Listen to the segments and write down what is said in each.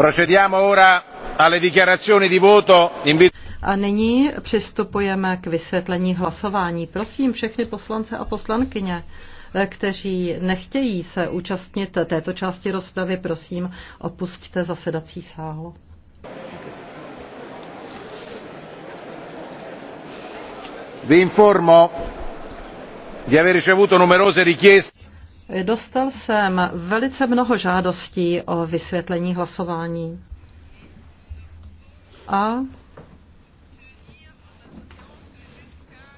Procediamo ora alle dichiarazioni di voto. A nyní přistupujeme k vysvětlení hlasování. Prosím všechny poslance a poslankyně, eh, kteří nechtějí se účastnit této části rozpravy, prosím, opustíte zasedací sál. Vi informo di aver ricevuto numerose richieste. Dostal jsem velice mnoho žádostí o vysvětlení hlasování. A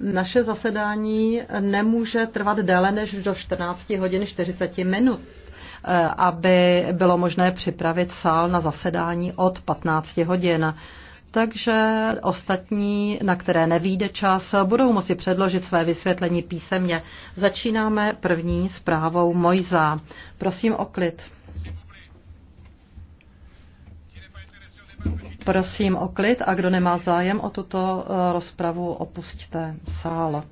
naše zasedání nemůže trvat déle než do 14 hodin 40 minut eh, aby bylo možné připravit sál na zasedání od 15 hodin takže ostatní, na které nevýjde čas, budou moci předložit své vysvětlení písemně. Začínáme první zprávou Mojza. Prosím o klid. Prosím o klid a kdo nemá zájem o tuto eh, rozpravu, opustíte sál.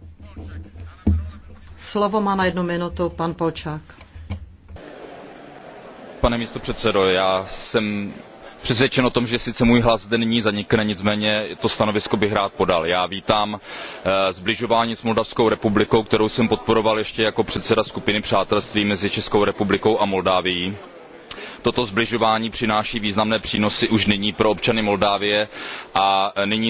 Slovo má na jednu minutu pan Polčák. Pane místo předsedo, já jsem přesvědčen o tom že sice můj hlas zde nyní zanikne nicméně to stanovisko bych rád podal. já vítám sbližování eh, s moldavskou republikou kterou jsem podporoval ještě jako předseda skupiny přátelství mezi českou republikou a moldavií toto sbližování přináší významné přínosy už nyní pro občany moldavska a nyní